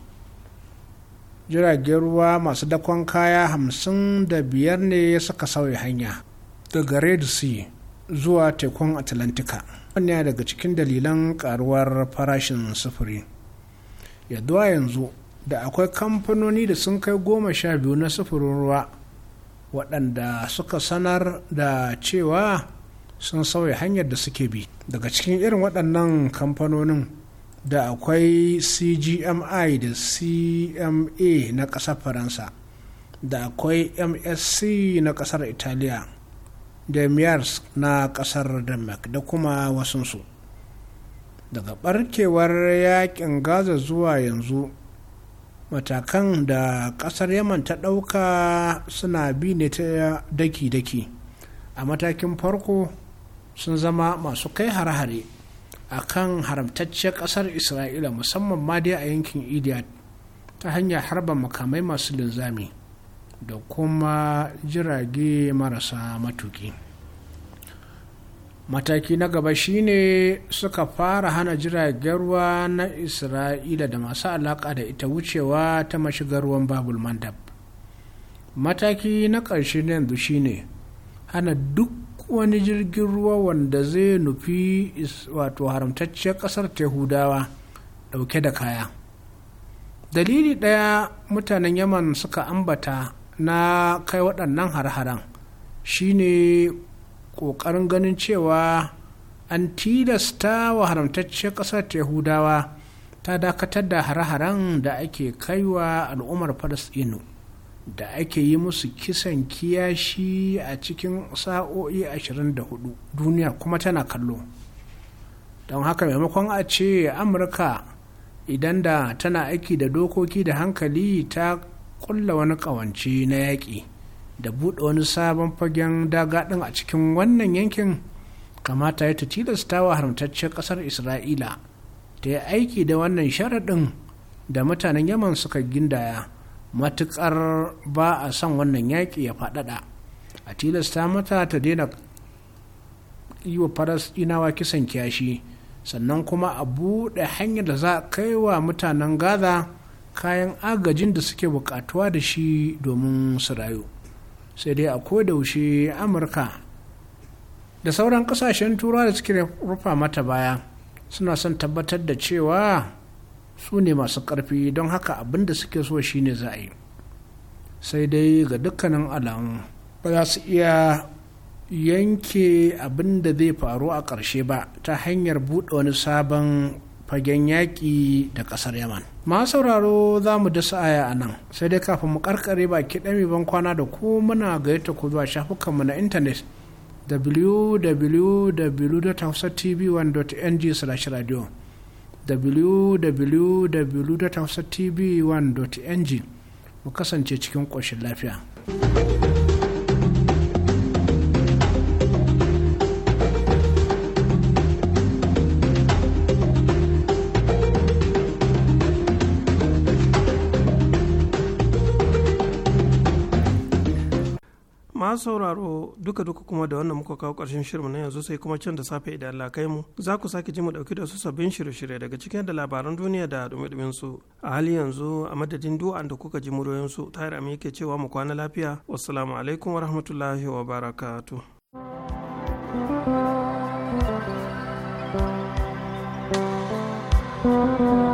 jiragen ruwa masu dakon kaya hamsin da biyar ne suka sauya hanya daga red sea zuwa tekun atlantika wannan daga cikin dalilan karuwar farashin sufuri yadda yanzu da akwai kamfanoni da sun kai goma sha biyu na sufurin ruwa waɗanda suka sanar da cewa sun sauya hanyar da suke bi daga cikin irin waɗannan kamfanonin da akwai cgmi da cma na ƙasar faransa da akwai msc na ƙasar italiya da miars e na ƙasar denmark da kuma wasunsu daga ɓarkewar yakin gaza zuwa yanzu matakan da kasar yaman ta ɗauka suna bi ne ta daki-daki a matakin farko sun zama masu kai hare-hare a kan haramtacciyar ƙasar isra'ila musamman ma dai a yankin idiya ta hanyar harba makamai masu linzami da kuma jirage marasa matuki. mataki na gaba shine suka fara hana jiragen ruwa na isra'ila da masu alaƙa da ita wucewa ta mashigar ruwan babul mandab mataki na ƙarshe na yanzu shine hana duk wani jirgin ruwa wanda zai nufi wato haramtacciyar ƙasar tehudawa ɗauke da kaya dalili ɗaya mutanen yaman suka ambata na kai waɗannan har-haren shine ƙoƙarin ganin cewa an tilasta wa haramtacciyar ƙasar ta yahudawa ta dakatar da hare-haren da ake kaiwa al'ummar falasɗinu da ake yi musu kisan kiyashi a cikin sa'o'i 24 duniya kuma tana kallo don haka maimakon a ce amurka idan da tana aiki da dokoki da hankali ta kulla wani ƙawance na yaƙi da buɗe wani sabon fagen daga ɗin a cikin wannan yankin kamata ya ta tilasta wa haramtaccen ƙasar isra'ila ta yi aiki da wannan sharaɗin da mutanen yaman suka gindaya matuƙar ba a son wannan yaƙi ya faɗaɗa a tilasta mata ta daina yi wa inawa kisan kiyashi sannan kuma a buɗe hanyar da za a kai wa mutanen gaza kayan agajin da suke buƙatuwa da shi domin su rayu sai dai a kodaushe amurka da sauran kasashen turawa da suke rufa mata baya suna son tabbatar da cewa su ne masu ƙarfi don haka abin da suke so shine za a yi sai dai ga dukkanin alamu ba za su iya yanke abin da zai faru a ƙarshe ba ta hanyar buɗe wani sabon fagen yaƙi da ƙasar yaman ma sauraro za mu da aya a nan sai dai kafin mu karkare baki ɗami ban kwana da ku muna gayyata ku zuwa shafukanmu na intanet www.hausatv1.ng/radio www.hausatv1.ng mu kasance cikin ƙoshin lafiya. masu sauraro duka-duka kuma da wannan muka kawo ƙarshen shirin na yanzu sai kuma can da safe idan Allah kai mu za ku sake ji mu ɗauki da su sabbin shirye-shirye daga cikin da labaran duniya da dumi su a hali yanzu a madadin du'an da kuka ji muryoyin su ta amma yake cewa mu kwana lafiya wassalamu alaikum wa barakatu. thank you